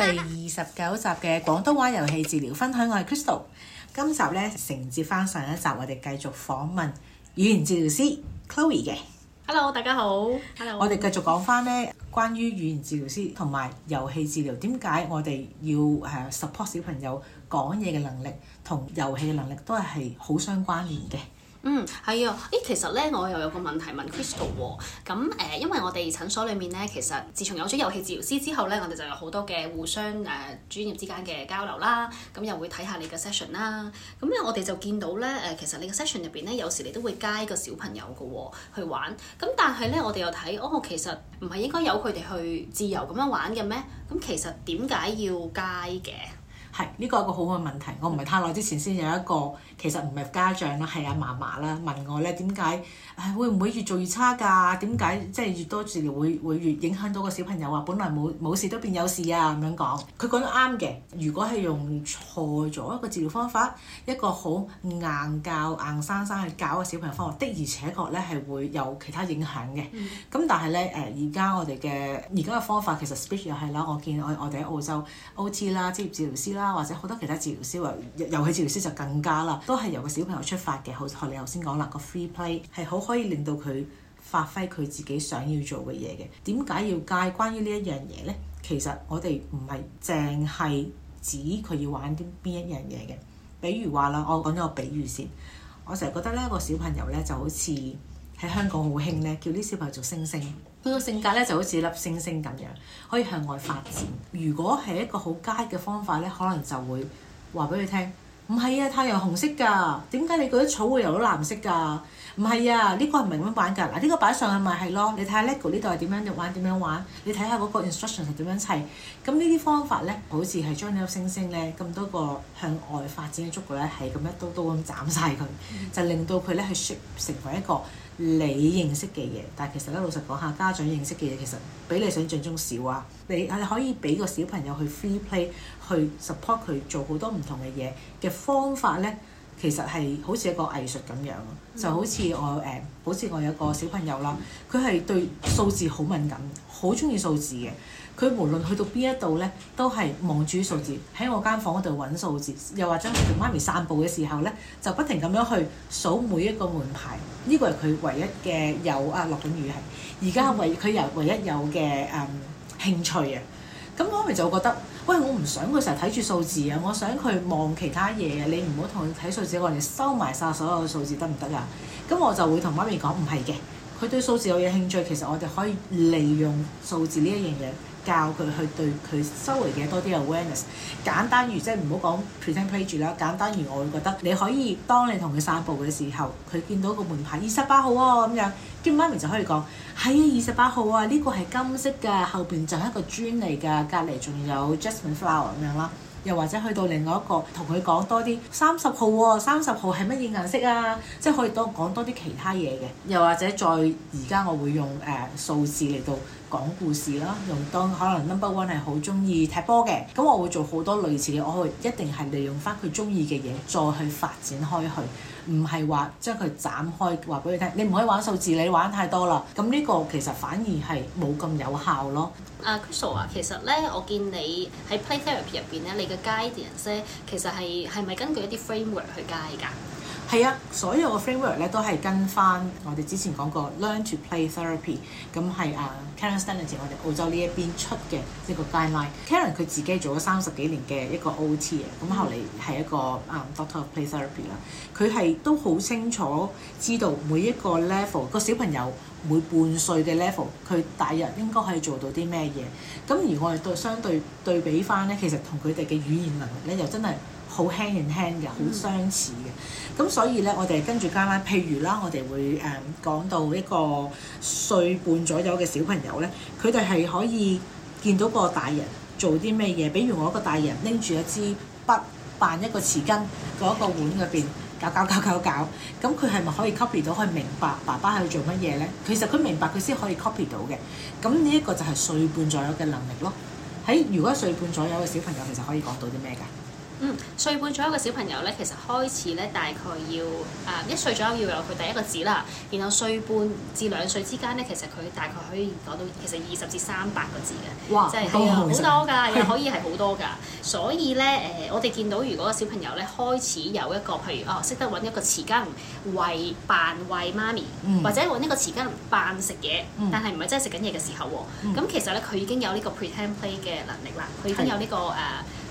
第二十九集嘅廣東話遊戲治療分享，我係 Christal。今集咧承接翻上，上一集，我哋繼續訪問語言治療師 Chloe 嘅。Hello，大家好。Hello。我哋繼續講翻咧，關於語言治療師同埋遊戲治療，點解我哋要誒 support 小朋友講嘢嘅能力同遊戲嘅能力都係好相關聯嘅。嗯，係啊，誒、欸，其實咧，我又有個問題問 Christal 喎，哦。咁誒、呃，因為我哋診所裏面咧，其實自從有咗遊戲治療師之後咧，我哋就有好多嘅互相誒、呃、專業之間嘅交流啦。咁又會睇下你嘅 session 啦。咁咧，我哋就見到咧，誒，其實你嘅 session 入邊咧，有時你都會 guide 個小朋友噶，哦，去玩。咁但係咧，我哋又睇，哦，其實唔係應該由佢哋去自由咁樣玩嘅咩？咁其實點解要 guide 嘅？呢個係一個好好嘅問題。我唔係太耐之前先有一個，其實唔係家長啦，係阿嫲嫲啦問我咧，點解，誒、哎、會唔會越做越差㗎？點解即係越多治療會會越影響到個小朋友啊？本來冇冇事都變有事啊咁樣講。佢講得啱嘅，如果係用錯咗一個治療方法，一個好硬教硬生生去教個小朋友方法，的而且確咧係會有其他影響嘅。咁、嗯、但係咧誒，而、呃、家我哋嘅而家嘅方法其實 speech 又係啦，我見我我哋喺澳洲 OT 啦，職業治療師啦。或者好多其他治療師話，遊戲治療師就更加啦，都係由個小朋友出發嘅。好似你頭先講啦，個 free play 係好可以令到佢發揮佢自己想要做嘅嘢嘅。點解要介關於呢一樣嘢咧？其實我哋唔係淨係指佢要玩啲邊一樣嘢嘅。比如話啦，我講咗個比喻先，我成日覺得咧，個小朋友咧就好似喺香港好興咧，叫啲小朋友做星星。佢個性格咧就好似粒星星咁樣，可以向外發展。如果係一個好佳嘅方法咧，可能就會話俾佢聽：唔係啊，太陽紅色㗎，點解你嗰啲草會有藍色㗎？唔係啊，呢個係唔係咁玩㗎？嗱、啊，呢個擺上去咪係咯。你睇下 LEGO 呢度係點樣玩，點樣玩？你睇下嗰個 instruction 係點樣砌。咁呢啲方法咧，好似係將呢粒星星咧，咁多個向外發展嘅觸角咧，係咁一刀刀咁斬晒佢，就令到佢咧係 shape 成為一個。你認識嘅嘢，但係其實咧，老實講下，家長認識嘅嘢其實比你想象中少啊。你係可以俾個小朋友去 free play，去 support 佢做好多唔同嘅嘢嘅方法咧，其實係好似一個藝術咁樣。就好似我誒、欸，好似我有個小朋友啦，佢係對數字好敏感，好中意數字嘅。佢無論去到邊一度咧，都係望住數字喺我間房嗰度揾數字，又或者同媽咪散步嘅時候咧，就不停咁樣去數每一個門牌。呢個係佢唯一嘅有啊落緊雨係而家唯佢由唯一有嘅誒、嗯、興趣啊。咁媽咪就會覺得喂，我唔想佢成日睇住數字啊，我想佢望其他嘢啊。你唔好同佢睇數字，我哋收埋晒所有嘅數字得唔得啊？咁我就會同媽咪講，唔係嘅，佢對數字有嘢興趣，其實我哋可以利用數字呢一樣嘢。教佢去對佢周圍嘅多啲 awareness，簡單如即係唔好講 pretend play 住啦，簡單如我覺得你可以當你同佢散步嘅時候，佢見到個門牌二十八號啊，咁樣，跟住媽咪就可以講，係啊二十八號啊，呢個係金色㗎，後邊就係一個磚嚟㗎，隔離仲有 jasmine flower 咁樣啦。又或者去到另外一個，同佢講多啲三十號喎，三十號係乜嘢顏色啊？即係可以多講多啲其他嘢嘅。又或者再而家，我會用誒數字嚟到講故事啦。用當可能 number one 係好中意踢波嘅，咁我會做好多類似嘅。我會一定係利用翻佢中意嘅嘢，再去發展開去。唔係話將佢斬開話俾佢聽，你唔可以玩數字，你玩太多啦。咁呢個其實反而係冇咁有效咯。啊 Christal 啊，其實咧，我見你喺 play therapy 入邊咧，你嘅 guidance 咧，其實係係咪根據一啲 framework 去 guide 㗎？係啊，所有嘅 framework 咧都係跟翻我哋之前講過 learn to play therapy，咁係啊 Karen Stanley 我哋澳洲呢一邊出嘅即係個 guideline。Karen 佢自己做咗三十幾年嘅一個 OT 啊，咁後嚟係一個啊、um, doctor of play therapy 啦，佢係都好清楚知道每一個 level 個小朋友每半歲嘅 level，佢大約應該可以做到啲咩嘢。咁而我哋對相對對比翻咧，其實同佢哋嘅語言能力咧又真係～好輕然輕嘅，好相似嘅。咁所以咧，我哋跟住加啦。譬如啦，我哋會誒講、嗯、到一個歲半左右嘅小朋友咧，佢哋係可以見到個大人做啲咩嘢。比如我一個大人拎住一支筆，扮一個匙羹，嗰個碗嗰邊搞搞搞搞搞。咁佢係咪可以 copy 到，可以明白爸爸喺度做乜嘢咧？其實佢明白，佢先可以 copy 到嘅。咁呢一個就係歲半左右嘅能力咯。喺、哎、如果歲半左右嘅小朋友，其實可以講到啲咩㗎？嗯，歲半左右嘅小朋友咧，其實開始咧，大概要啊一歲左右要有佢第一個字啦。然後歲半至兩歲之間咧，其實佢大概可以講到其實二十至三百個字嘅，即係好多㗎，又可以係好多㗎。所以咧誒，我哋見到如果小朋友咧開始有一個譬如哦識得揾一個匙羹喂扮喂媽咪，或者揾一個匙羹扮食嘢，但係唔係真係食緊嘢嘅時候喎。咁其實咧佢已經有呢個 pretend play 嘅能力啦，佢已經有呢個誒。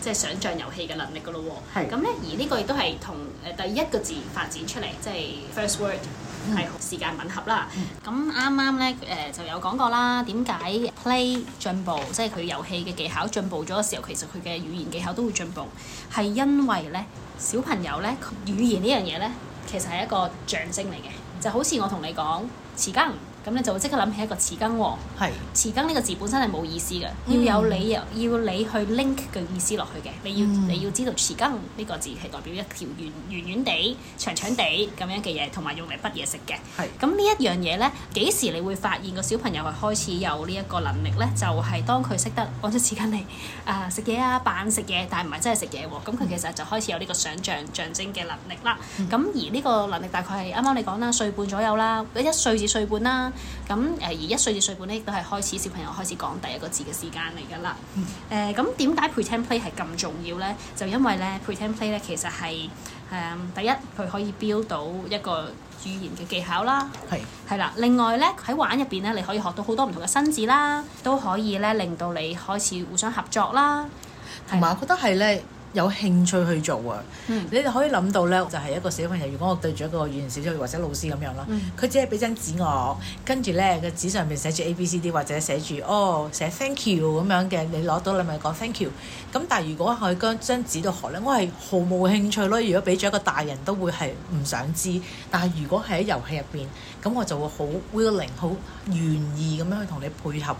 即係想像遊戲嘅能力㗎咯喎，咁咧是而呢個亦都係同誒第一個字發展出嚟，即係 first word 係時間吻合啦。咁啱啱咧誒就有講過啦，點解 play 進步，即係佢遊戲嘅技巧進步咗嘅時候，其實佢嘅語言技巧都會進步，係因為咧小朋友咧語言呢樣嘢咧其實係一個象徵嚟嘅，就好似我同你講匙羹。咁你就會即刻諗起一個匙羹喎。匙羹呢個字本身係冇意思嘅，要有理由、嗯、要你去 link 個意思落去嘅。你要、嗯、你要知道匙羹呢個字係代表一條圓圓圓地、長長地咁是樣嘅嘢，同埋用嚟揼嘢食嘅。係咁呢一樣嘢咧，幾時你會發現個小朋友係開始有呢一個能力咧？就係、是、當佢識得攞出匙羹嚟啊食嘢啊扮食嘢，但係唔係真係食嘢喎？咁佢其實就開始有呢個想像象徵嘅能力啦。咁、嗯、而呢個能力大概係啱啱你講啦，歲半左右啦，一歲至歲半啦、啊。咁誒，而一歲至歲半咧，都係開始小朋友開始講第一個字嘅時間嚟㗎啦。誒、嗯，咁點解 pretend play 係咁重要咧？就因為咧，pretend play 咧，其實係誒、嗯、第一，佢可以標到一個語言嘅技巧啦。係係啦，另外咧，喺玩入邊咧，你可以學到好多唔同嘅新字啦，都可以咧令到你開始互相合作啦。同埋還有 的我覺得係咧。有興趣去做啊！Mm. 你哋可以諗到呢。就係、是、一個小朋友。如果我對住一個語言小組或者老師咁樣啦，佢、mm. 只係俾張紙我，跟住呢個紙上面寫住 A B C D 或者寫住哦寫 Thank you 咁樣嘅，你攞到你咪講 Thank you。咁但係如果喺嗰張紙度學咧，我係毫無興趣咯。如果俾咗一個大人都會係唔想知，但係如果喺遊戲入邊，咁我就會好 willing 好願意咁樣去同你配合。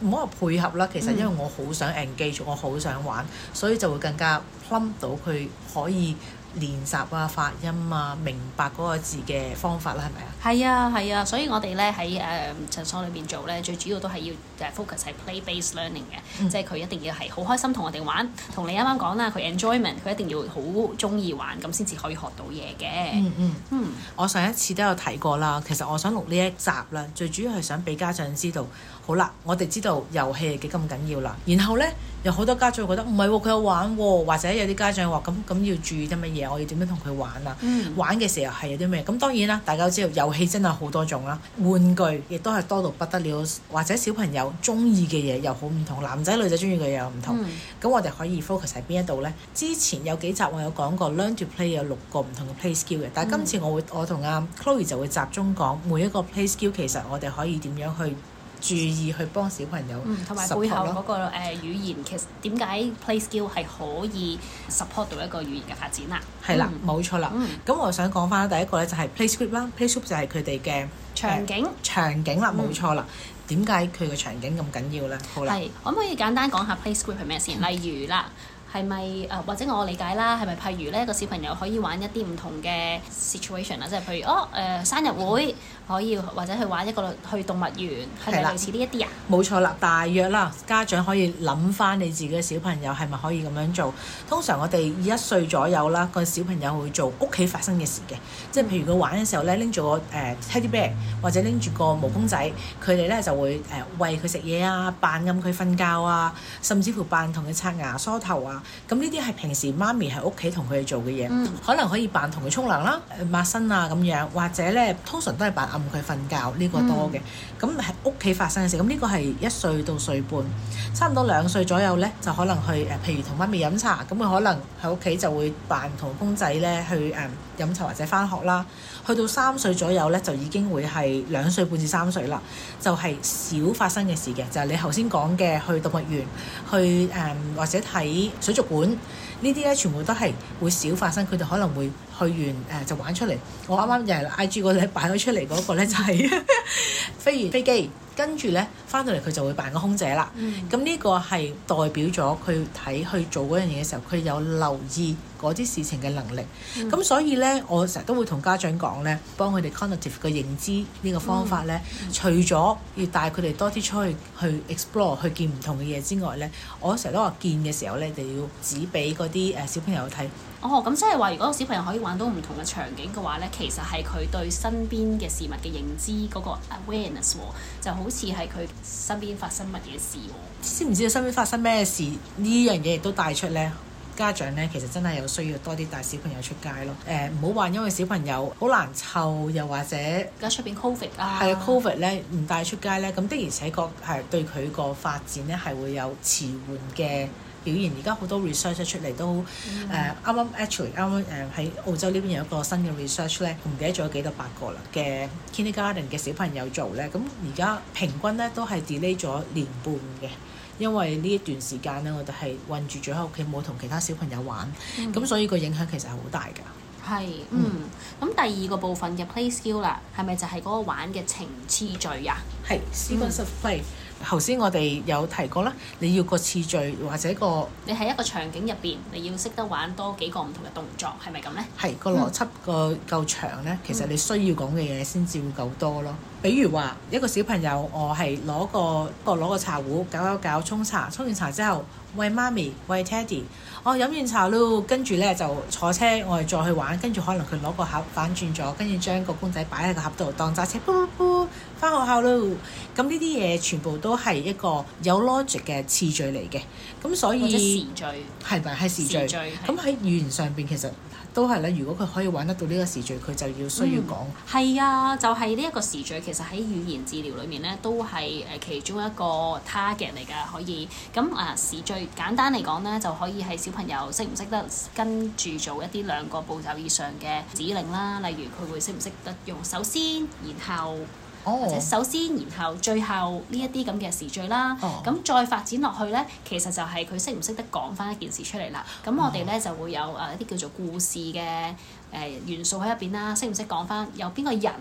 唔好話配合啦，其實因為我好想 engage、嗯、我好想玩，所以就會更加 l u m p 到佢可以練習啊發音啊明白嗰個字嘅方法啦，係咪啊？係啊係啊，所以我哋咧喺誒診所裏邊做咧，最主要都係要 focus 喺 play-based learning 嘅，即係佢一定要係好開心同我哋玩。同你啱啱講啦，佢 enjoyment，佢一定要好中意玩咁先至可以學到嘢嘅。嗯嗯。嗯，嗯我上一次都有提過啦，其實我想錄呢一集啦，最主要係想俾家長知道。好啦，我哋知道遊戲係幾咁緊要啦。然後呢，有好多家長覺得唔係佢有玩、哦，或者有啲家長話咁咁要注意啲乜嘢？我要點樣同佢玩啊？玩嘅時候係有啲咩咁？嗯嗯、當然啦，大家都知道遊戲真係好多種啦，玩具亦都係多到不得了，或者小朋友中意嘅嘢又好唔同，男仔女仔中意嘅嘢又唔同。咁、嗯、我哋可以 focus 喺邊一度呢？之前有幾集我有講過，learn to play 有六個唔同嘅 play skill 嘅，但係今次我會、嗯、我同阿 Chloe 就會集中講每一個 play skill，其實我哋可以點樣去？注意去幫小朋友、嗯，同埋背後嗰個誒語言，嗯、其實點解 Play Skill 係可以 support 到一個語言嘅發展啦？係啦、嗯，冇錯啦。咁、嗯、我想講返第一個咧，就係 Play Script 啦，Play Script 就係佢哋嘅場景、呃，場景啦，冇、嗯、錯啦。點解佢嘅場景咁緊要咧？好啦，係可唔可以簡單講下 Play Script 係咩先？嗯、例如啦。係咪誒或者我理解啦？係咪譬如咧，個小朋友可以玩一啲唔同嘅 situation 啦、啊。即係譬如哦誒、呃、生日會可以，或者去玩一個去動物園，係咪 類似呢一啲啊？冇錯啦，大約啦，家長可以諗翻你自己嘅小朋友係咪可以咁樣做？通常我哋一歲左右啦，個小朋友會做屋企發生嘅事嘅，即係譬如佢玩嘅時候咧，拎住個誒、呃、teddy bear 或者拎住個毛公仔，佢哋咧就會誒餵佢食嘢啊，扮暗佢瞓覺啊，甚至乎扮同佢刷牙、梳、梳頭啊。咁呢啲係平時媽咪喺屋企同佢做嘅嘢，嗯、可能可以扮同佢沖涼啦、抹身啊咁樣，或者咧通常都係扮暗佢瞓覺呢、呢個多嘅。咁喺屋企發生嘅事，咁呢個係一歲到一歲半，差唔多兩歲左右咧，就可能去誒、呃，譬如同媽咪飲茶，咁佢可能喺屋企就會扮同公仔咧去誒。呃飲茶或者返學啦，去到三歲左右呢，就已經會係兩歲半至三歲啦，就係、是、少發生嘅事嘅，就係、是、你頭先講嘅去動物園、去誒、呃、或者睇水族館呢啲呢，全部都係會少發生，佢哋可能會去完誒、呃、就玩出嚟。我啱啱就係 IG 嗰度擺咗出嚟嗰個咧，就係 飛完飛機。跟住呢，翻到嚟佢就會扮個空姐啦。咁呢、嗯、個係代表咗佢睇去做嗰樣嘢嘅時候，佢有留意嗰啲事情嘅能力。咁、嗯、所以呢，我成日都會同家長講呢，幫佢哋 cognitive 嘅認知呢個方法呢、嗯嗯、除咗要帶佢哋多啲出去去 explore 去見唔同嘅嘢之外呢，我成日都話見嘅時候呢，就要指俾嗰啲誒小朋友睇。哦，咁即係話，如果小朋友可以玩到唔同嘅場景嘅話咧，其實係佢對身邊嘅事物嘅認知嗰、嗰個 awareness 喎、哦，就好似係佢身邊發生乜嘢事喎、哦。知唔知佢身邊發生咩事呢樣嘢亦都帶出咧？家長咧，其實真係有需要多啲帶小朋友出街咯，誒，唔好話因為小朋友好難湊，又或者而家出面 COVID 啊，係啊 COVID 咧，唔帶出街咧，咁的而且確係對佢個發展咧係會有遲緩嘅表現。而家好多 research 出嚟都，誒，啱啱 actually 啱啱，誒喺澳洲呢邊有一個新嘅 research 咧，唔記得咗幾多百個啦嘅 kindergarten 嘅小朋友做咧，咁而家平均咧都係 delay 咗年半嘅。因為呢一段時間咧，我哋係困住住喺屋企，冇同其他小朋友玩，咁、嗯、所以個影響其實係好大㗎。係是，嗯。咁、嗯、第二個部分嘅 play skill 啦，係咪就係嗰個玩嘅情次序啊？係。頭先我哋有提過啦，你要個次序或者個，你喺一個場景入邊，你要識得玩多幾個唔同嘅動作，係咪咁呢？係個邏輯個夠長呢，其實你需要講嘅嘢先至會夠多咯。比如話一個小朋友，我係攞個個攞個茶壺搞搞搞沖茶，沖完茶之後喂媽咪，喂 Teddy，我飲完茶咯，跟住呢，就坐車，我哋再去玩，跟住可能佢攞個盒反轉咗，跟住將個公仔擺喺個盒度當揸車，哼哼哼返學校咯，咁呢啲嘢全部都係一個有 logic 嘅次序嚟嘅，咁所以或者時序係咪係時序咁，喺語言上邊其實都係咧。如果佢可以玩得到呢個時序，佢就要需要講係、嗯、啊，就係呢一個時序。其實喺語言治療裏面咧，都係誒其中一個 target 嚟㗎。可以咁啊，時序簡單嚟講咧，就可以係小朋友識唔識得跟住做一啲兩個步驟以上嘅指令啦。例如佢會識唔識得用首先，然後。Oh. 或者首先，然後最後呢一啲咁嘅時序啦，咁、oh. 再發展落去咧，其實就係佢識唔識得講翻一件事出嚟啦。咁我哋咧、oh. 就會有誒一啲叫做故事嘅誒元素喺入邊啦，識唔識講翻有邊個人？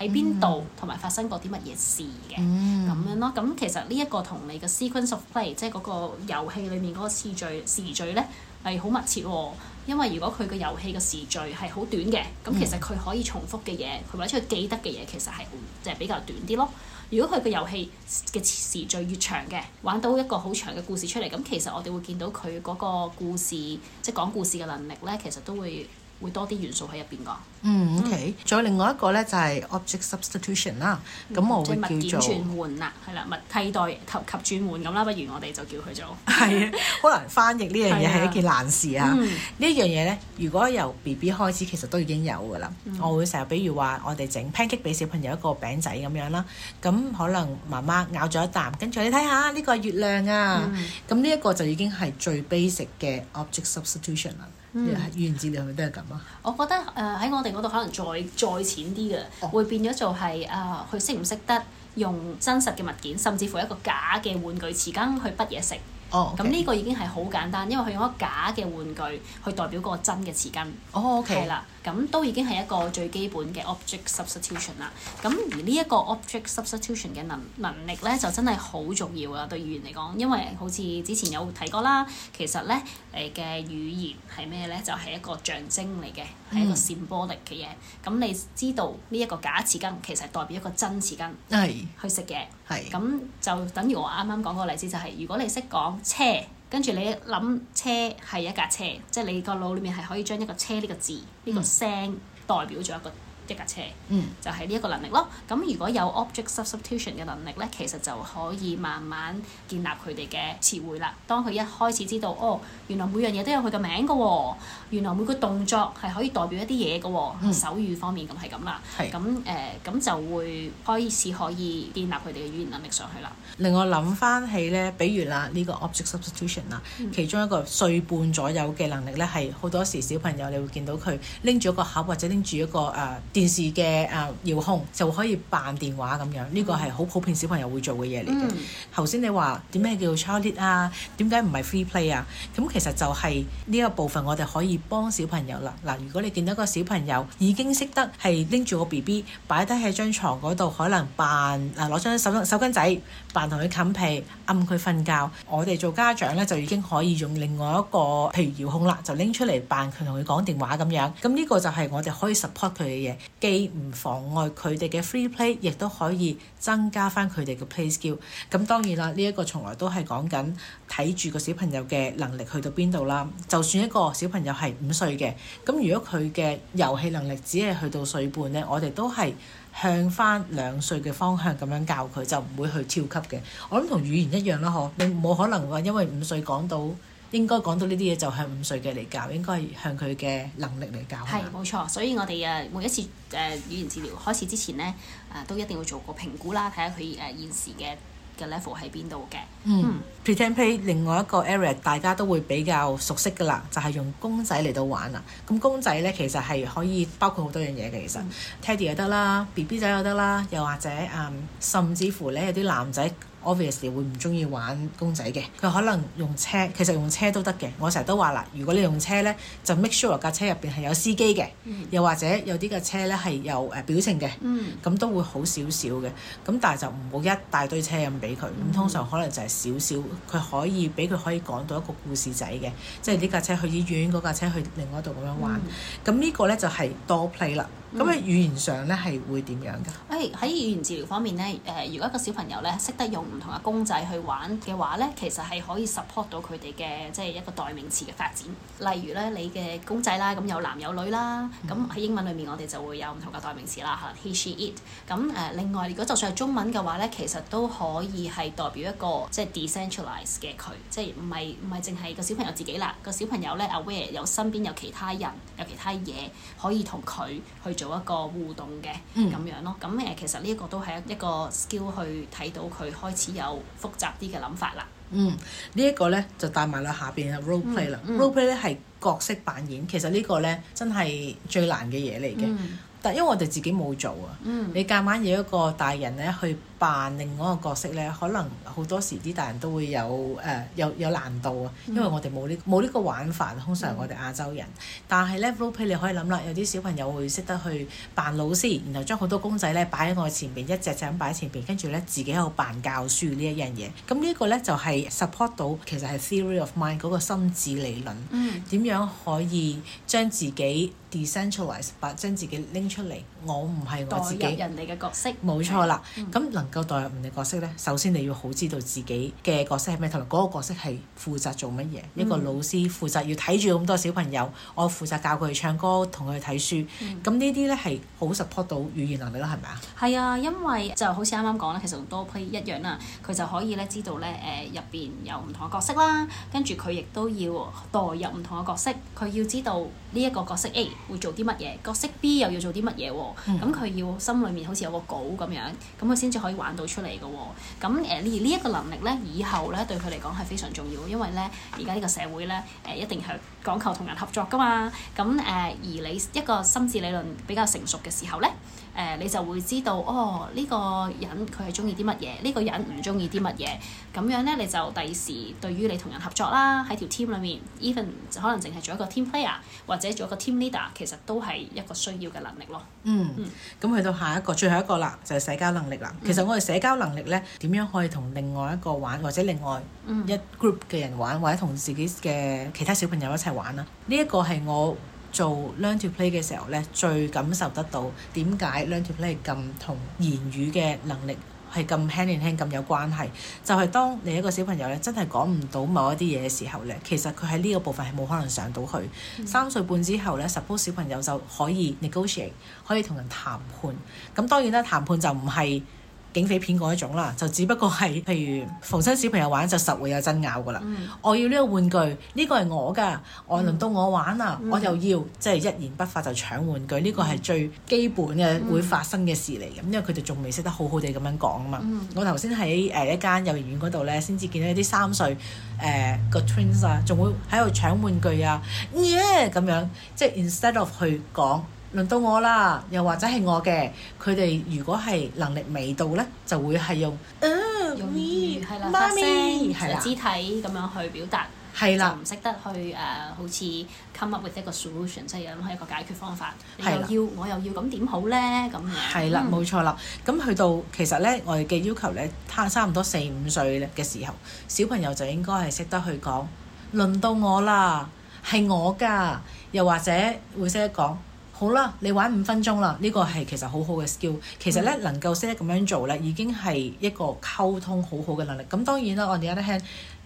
喺邊度同埋發生過啲乜嘢事嘅咁、mm hmm. 樣咯？咁其實呢一個同你嘅 sequence of play，即係嗰個遊戲裏面嗰個時序時序咧，係好密切喎。因為如果佢個遊戲嘅時序係好短嘅，咁其實佢可以重複嘅嘢，佢、mm hmm. 或者佢記得嘅嘢，其實係即係比較短啲咯。如果佢個遊戲嘅時序越長嘅，玩到一個好長嘅故事出嚟，咁其實我哋會見到佢嗰個故事即係講故事嘅能力咧，其實都會。會多啲元素喺入邊㗎。嗯，OK 嗯。仲有另外一個咧就係、是、object substitution 啦。咁、嗯、我會叫做、嗯就是、轉換啦，係啦，物替代及轉換咁啦。不如我哋就叫佢做。係啊，可能翻譯呢樣嘢係一件難事啊。嗯、呢一樣嘢咧，如果由 B B 開始，其實都已經有㗎啦、嗯。我會成日，比如話我哋整 pancake 俾小朋友一個餅仔咁樣啦。咁可能媽媽咬咗一啖，跟住你睇下呢個係月亮啊。咁呢一個就已經係最 basic 嘅 object substitution 啦。係，源自嚟佢都係咁啊！我覺得誒喺、呃、我哋嗰度可能再再淺啲嘅， 會變咗做係誒佢識唔識得用真實嘅物件，甚至乎一個假嘅玩具匙羹去揀嘢食。哦，咁呢、oh, okay. 個已經係好簡單，因為佢用一假嘅玩具去代表嗰個真嘅匙羹。哦、oh，OK。係啦，咁都已經係一個最基本嘅 object substitution 啦。咁而呢一個 object substitution 嘅能能力咧，就真係好重要啊！對語言嚟講，因為好似之前有睇過啦，其實咧你嘅語言係咩咧？就係、是、一個象徵嚟嘅，係、嗯、一個 symbolic 嘅嘢。咁你知道呢一、這個假匙羹其實代表一個真匙羹，係去食嘢。係。咁就等於我啱啱講個例子，就係、是、如果你識講。車，跟住你諗，車係一架車，即係你個腦裏面係可以將一個車呢個字呢、嗯、個聲代表咗一個。一架車，就係呢一個能力咯。咁如果有 object substitution 嘅能力咧，其實就可以慢慢建立佢哋嘅詞彙啦。當佢一開始知道哦，原來每樣嘢都有佢嘅名噶喎、哦，原來每個動作係可以代表一啲嘢噶喎，嗯、手語方面咁係咁啦。咁誒係，咁、呃、就會開始可以建立佢哋嘅語言能力上去啦。令我諗翻起咧，比如啦，呢、呢個 object substitution 啦、嗯，其中一個歲半左右嘅能力咧，係好多時小朋友你會見到佢拎住一個盒或者拎住一個誒。Uh, 電視嘅誒遙控就可以扮電話咁樣，呢、這個係好普遍小朋友會做嘅嘢嚟嘅。頭先、嗯、你話點咩叫 Charlie 啊？點解唔係 free play 啊？咁其實就係呢一個部分，我哋可以幫小朋友啦。嗱，如果你見到個小朋友已經識得係拎住個 BB 擺低喺張床嗰度，可能扮嗱攞張手手巾仔扮同佢冚被、暗佢瞓覺，我哋做家長呢，就已經可以用另外一個譬如遙控啦，就拎出嚟扮佢同佢講電話咁樣。咁呢個就係我哋可以 support 佢嘅嘢。既唔妨礙佢哋嘅 free play，亦都可以增加翻佢哋嘅 play skill。咁當然啦，呢、這、一個從來都係講緊睇住個小朋友嘅能力去到邊度啦。就算一個小朋友係五歲嘅，咁如果佢嘅遊戲能力只係去到歲半呢，我哋都係向翻兩歲嘅方向咁樣教佢，就唔會去跳級嘅。我諗同語言一樣啦，嗬，你冇可能話因為五歲講到。應該講到呢啲嘢就係、向五歲嘅嚟教，應該向佢嘅能力嚟教。係冇錯，所以我哋誒每一次誒語言治療開始之前咧，誒、呃、都一定要做個評估啦，睇下佢誒現時嘅嘅 level 喺邊度嘅。嗯，嗯，pretend play、嗯、另外一個 area 大家都會比較熟悉嘅啦，就係、係、用公仔嚟到玩啦。咁公仔咧其實係可以包括好多樣嘢嘅，其實、嗯、teddy 又得啦，B B 仔又得啦，又或者啊、嗯，甚至乎咧有啲男仔。Obviously 會唔中意玩公仔嘅，佢可能用車，其實用車都得嘅。我成日都話啦，如果你用車咧，就 make sure 架車入邊係有司機嘅，嗯、又或者有啲架車咧係有誒表情嘅，咁、嗯、都會好少少嘅。咁但係就唔好一大堆車任俾佢，咁通常可能就係少少，佢可以俾佢可以講到一個故事仔嘅，即係呢架車去醫院，嗰架車去另外一度咁樣玩。咁呢、嗯、個咧就係多 play 啦。咁喺、嗯、語言上咧係會點樣㗎？誒喺、哎、語言治療方面咧，誒、呃、如果一個小朋友咧識得用唔同嘅公仔去玩嘅話咧，其實係可以 support 到佢哋嘅即係一個代名詞嘅發展。例如咧，你嘅公仔啦，咁有男有女啦，咁喺、嗯、英文裏面我哋就會有唔同嘅代名詞啦，可能 he、she、it。咁誒、呃、另外，如果就算係中文嘅話咧，其實都可以係代表一個即係 decentralize 嘅佢，即係唔係唔係淨係個小朋友自己啦，個小朋友咧 aware 有身邊有其他人有其他嘢可以同佢去做一個互動嘅咁、嗯、樣咯，咁誒其實呢一個都係一個 skill 去睇到佢開始有複雜啲嘅諗法啦。嗯，呢、這、一個呢，就帶埋落下邊、就是、role play 啦、嗯。role play 咧係角色扮演，嗯、其實呢個呢真係最難嘅嘢嚟嘅。嗯、但因為我哋自己冇做啊，嗯、你夾硬要一個大人呢去，扮另外一個角色咧，可能好多時啲大人都會有誒、呃、有有難度啊，因為我哋冇呢冇呢個玩法。通常我哋亞洲人。嗯、但係咧 v l p y 你可以諗啦，有啲小朋友會識得去扮老師，然後將好多公仔咧擺喺我前邊，一隻隻咁擺喺前邊，跟住咧自己喺度扮教書一呢一樣嘢。咁呢個咧就係、是、support 到其實係 theory of mind 嗰個心智理論，點、嗯、樣可以將自己 decentralise，把將自己拎出嚟。我唔係我自己，人哋嘅角色，冇錯啦。咁、嗯、能夠代入人哋角色呢，首先你要好知道自己嘅角色係咩，同埋嗰個角色係負責做乜嘢。嗯、一個老師負責要睇住咁多小朋友，我負責教佢去唱歌，同佢去睇書。咁、嗯、呢啲呢係好 support 到語言能力啦，係咪啊？係啊，因為就好似啱啱講啦，其實同 doll play 一樣啦，佢就可以咧知道呢誒入邊有唔同嘅角色啦，跟住佢亦都要代入唔同嘅角色，佢要知道呢一個角色 A 會做啲乜嘢，角色 B 又要做啲乜嘢喎。咁佢、嗯、要心裏面好似有個稿咁樣，咁佢先至可以玩到出嚟嘅喎。咁誒、呃，而呢一個能力咧，以後咧對佢嚟講係非常重要，因為咧而家呢個社會咧誒、呃、一定係講求同人合作㗎嘛。咁誒、呃，而你一個心智理論比較成熟嘅時候咧。誒，你就會知道哦，呢、這個人佢係中意啲乜嘢，呢、這個人唔中意啲乜嘢，咁樣呢，你就第時對於你同人合作啦，喺條 team 裏面，even 可能淨係做一個 team player 或者做一個 team leader，其實都係一個需要嘅能力咯。嗯，咁、嗯、去到下一個，最後一個啦，就係、是、社交能力啦。其實我哋社交能力呢，點、嗯、樣可以同另外一個玩，或者另外一 group 嘅人玩，或者同自己嘅其他小朋友一齊玩呢？呢、這、一個係我，做 learn to play 嘅時候咧，最感受得到點解 learn to play 係咁同言語嘅能力係咁輕年輕咁有關係，就係、是、當你一個小朋友咧真係講唔到某一啲嘢嘅時候咧，其實佢喺呢個部分係冇可能上到去。嗯、三歲半之後咧，suppose 小朋友就可以 negotiate，可以同人談判。咁當然啦，談判就唔係。警匪片嗰一種啦，就只不過係，譬如逢親小朋友玩就實會有爭拗㗎啦。Mm hmm. 我要呢個玩具，呢、這個係我㗎，我輪到我玩啦、啊，mm hmm. 我又要，即、就、係、是、一言不發就搶玩具，呢、這個係最基本嘅、mm hmm. 會發生嘅事嚟嘅，因為佢哋仲未識得好好地咁樣講啊嘛。Mm hmm. 我頭先喺誒一間幼兒園嗰度咧，先至見到一啲三歲誒、呃、個 twins 啊，仲會喺度搶玩具啊，耶咁、mm hmm. yeah, 樣，即係 instead of 去講。輪到我啦，又或者係我嘅佢哋。如果係能力未到呢，就會係用誒用媽咪係啦的肢體咁樣去表達，的就唔識得去誒、uh, 好似 come up with 一個 solution，即係諗開一個解決方法。的又要的我又要咁點好呢？咁係啦，冇的、嗯、錯啦。咁去到其實呢，我哋嘅要求呢，差唔多四五歲嘅時候，小朋友就應該係識得去講輪到我啦，係我㗎，又或者會識得講。好啦，你玩五分鐘啦，呢、這個係其實好好嘅 skill。其實呢、嗯、能夠識得咁樣做咧，已經係一個溝通好好嘅能力。咁當然啦，我哋 on the other hand。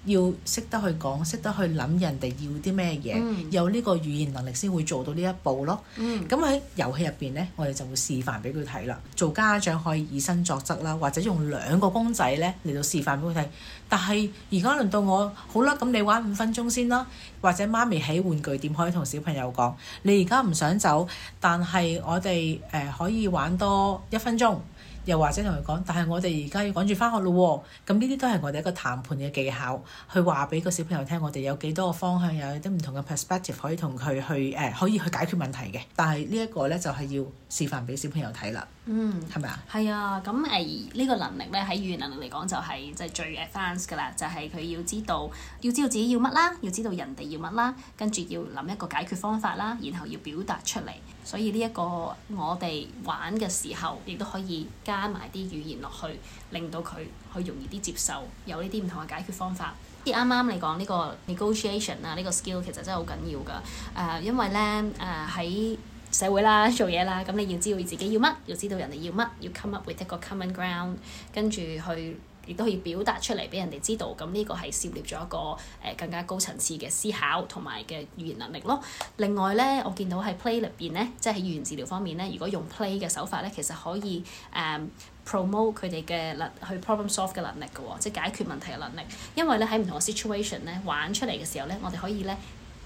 要識得去講，識得去諗人哋要啲咩嘢，嗯、有呢個語言能力先會做到呢一步咯。咁喺、嗯、遊戲入邊呢，我哋就會示範俾佢睇啦。做家長可以以身作則啦，或者用兩個公仔呢嚟到示範俾佢睇。但係而家輪到我，好啦，咁你玩五分鐘先啦。或者媽咪喺玩具店可以同小朋友講：你而家唔想走，但係我哋誒、呃、可以玩多一分鐘。又或者同佢講，但係我哋而家要趕住翻學咯喎，哦，咁呢啲都係我哋一個談判嘅技巧，去話俾個小朋友聽，我哋有幾多個方向，有啲唔同嘅 perspective 可以同佢去誒、呃，可以去解決問題嘅。但係呢一個呢，就係、是、要示範俾小朋友睇啦，嗯，係咪吧啊？係啊，咁誒呢個能力呢，喺語言能力嚟講就係即係最 advanced 㗎啦，就係、是、佢、就是、要知道要知道自己要乜啦，要知道人哋要乜啦，跟住要諗一個解決方法啦，然後要表達出嚟。所以呢、這、一個我哋玩嘅時候亦都可以加加埋啲語言落去，令到佢去容易啲接受，有呢啲唔同嘅解決方法。啲啱啱你講呢個 negotiation 啊，呢個 skill 其實真係好緊要㗎。誒、呃，因為咧誒喺社會啦做嘢啦，咁你要知道自己要乜，要知道人哋要乜，要 come up with 一個 common ground，跟住去。亦都可以表達出嚟俾人哋知道，咁呢個係涉獵咗一個誒、呃、更加高層次嘅思考同埋嘅語言能力咯。另外咧，我見到喺 play 入邊咧，即係喺語言治療方面咧，如果用 play 嘅手法咧，其實可以誒、呃、promote 佢哋嘅能去 problem solve 嘅能力嘅喎，即係解決問題嘅能力。因為咧喺唔同嘅 situation 咧玩出嚟嘅時候咧，我哋可以咧。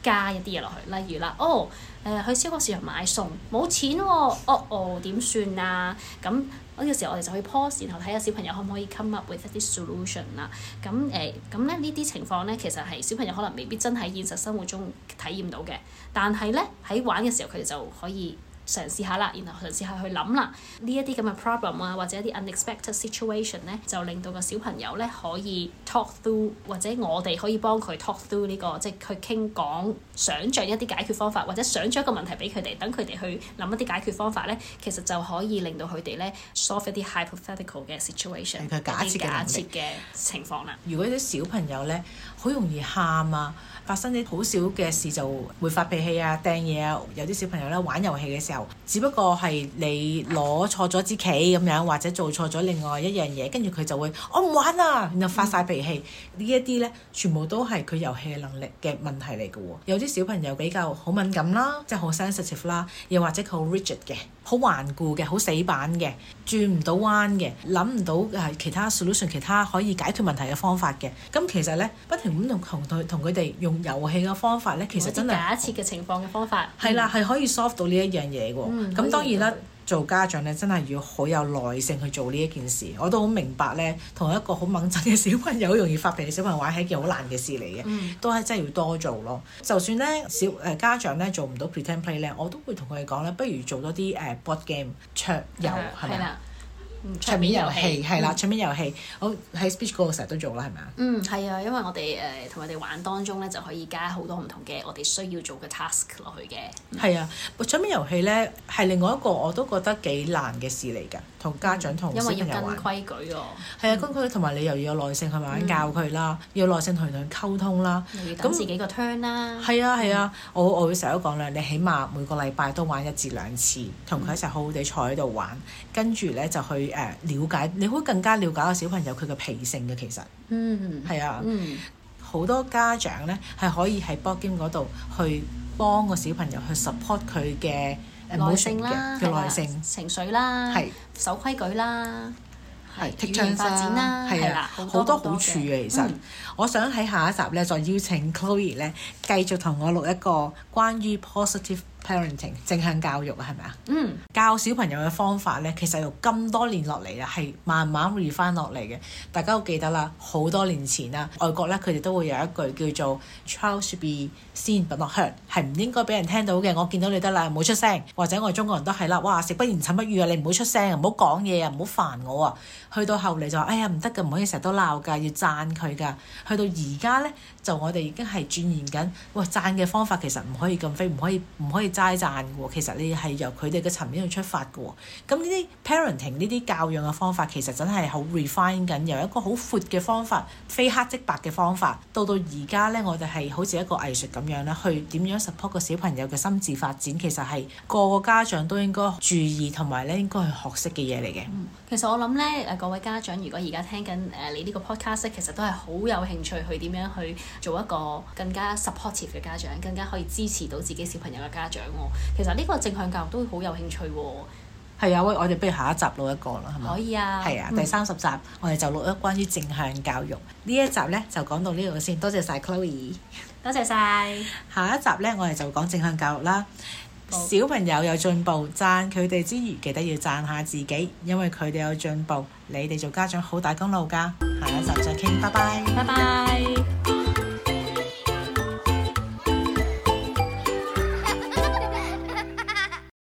加一啲嘢落去，例如啦，哦，誒、呃、去超級市場買餸冇錢喎、哦，哦哦點算啊？咁呢個時候我哋就去 post 然後睇下小朋友可唔可以 come up with 一啲 solution 啦。咁誒咁咧呢啲情況咧，其實係小朋友可能未必真喺現實生活中體驗到嘅，但係咧喺玩嘅時候佢哋就可以。嘗試下啦，然後嘗試下去諗啦。呢一啲咁嘅 problem 啊，或者啲 unexpected situation 咧，就令到個小朋友咧可以 talk through，或者我哋可以幫佢 talk through 呢個，即係去傾講、想象一啲解決方法，或者想象一個問題俾佢哋，等佢哋去諗一啲解決方法咧，其實就可以令到佢哋咧 solve 一啲 hypothetical 嘅 situation，啲假設嘅情況啦。如果啲小朋友咧好容易喊啊～發生啲好少嘅事就會發脾氣啊、掟嘢啊。有啲小朋友咧玩遊戲嘅時候，只不過係你攞錯咗支棋咁樣，或者做錯咗另外一樣嘢，跟住佢就會：「oh, 我唔玩啊！」然後發晒脾氣。嗯、呢一啲咧，全部都係佢遊戲能力嘅問題嚟嘅喎。有啲小朋友比較好敏感啦，即係好 sensitive 啦，又或者佢好 rigid 嘅，好頑固嘅，好死板嘅，轉唔到彎嘅，諗唔到誒其他 solution、其他可以解決問題嘅方法嘅。咁其實咧，不停咁同同佢同佢哋用。遊戲嘅方法咧，其實真係假設嘅情況嘅方法係啦，係的、嗯、可以 solve 到呢一樣嘢喎。咁、嗯、當然啦，以做家長咧真係要好有耐性去做呢一件事。我都好明白咧，同一個好掹憎嘅小朋友、容易發病嘅小朋友玩係一件好難嘅事嚟嘅，嗯、都係真係要多做咯。就算咧小誒、呃、家長咧做唔到 pretend play 咧，我都會同佢哋講咧，不如做多啲誒、呃、board game 桌遊係咪？場面遊戲係啦，場面遊戲我喺 speech 嗰度成日都做啦，係咪啊？嗯，係啊，因為我哋誒同佢哋玩當中咧，就可以加好多唔同嘅我哋需要做嘅 task 落去嘅。係、嗯、啊，場面遊戲咧係另外一個我都覺得幾難嘅事嚟㗎。同家長同小朋友玩，因為要跟規矩哦。係啊，規矩同埋你又要有耐性去慢慢教佢啦，要耐性同佢哋溝通啦。咁自己個 turn 啦。係啊係啊，我我會成日都講啦，你起碼每個禮拜都玩一至兩次，同佢一齊好好地坐喺度玩，跟住咧就去誒了解，你會更加了解個小朋友佢嘅脾性嘅其實。嗯嗯。係啊。嗯。好多家長咧係可以喺 board game 嗰度去幫個小朋友去 support 佢嘅。耐性，耐性啦，嘅耐性、啊、情緒啦，係、啊、守規矩啦，係語言發展啦，係啦，好多好處嘅其實。嗯、我想喺下一集咧，再邀請 Chloe 咧，繼續同我錄一個關於 positive。Parenting 正向教育啊，係咪啊？嗯，mm. 教小朋友嘅方法咧，其實由咁多年落嚟啊，係慢慢 refine 落嚟嘅。大家都記得啦，好多年前啊，外國咧佢哋都會有一句叫做 ‘child should be seen but not heard’，係唔應該俾人聽到嘅。我見到你得啦，唔好出聲。或者我哋中國人都係啦，哇，食不言，寢不語啊，你唔好出聲，唔好講嘢啊，唔好煩我啊。去到後嚟就話，哎呀，唔得㗎，唔可以成日都鬧㗎，要讚佢㗎。去到而家咧，就我哋已經係轉變緊，哇，讚嘅方法其實唔可以咁飛，唔可以，唔可以。齋讚嘅喎，其實你係由佢哋嘅層面去出發嘅喎，咁呢啲 parenting 呢啲教養嘅方法，其實真係好 refine 緊，由一個好闊嘅方法，非黑即白嘅方法，到到而家咧，我哋係好似一個藝術咁樣咧，去點樣 support 個小朋友嘅心智發展，其實係個個家長都應該注意同埋咧，應該去學識嘅嘢嚟嘅。嗯，其實我諗咧，誒各位家長，如果而家聽緊誒你呢個 podcast，其實都係好有興趣去點樣去做一個更加 supportive 嘅家長，更加可以支持到自己小朋友嘅家長。其實呢個正向教育都好有興趣喎、哦。係啊，喂，我哋不如下一集錄一個啦，係咪？可以啊。係啊，第三十集、嗯、我哋就錄一關於正向教育呢一集呢，就講到呢度先。多謝晒 Chloe。多謝晒。下一集呢，我哋就講正向教育啦。不小朋友有進步，讚佢哋之餘，記得要讚下自己，因為佢哋有進步，你哋做家長好大功勞噶。下一集再傾，拜拜，拜拜。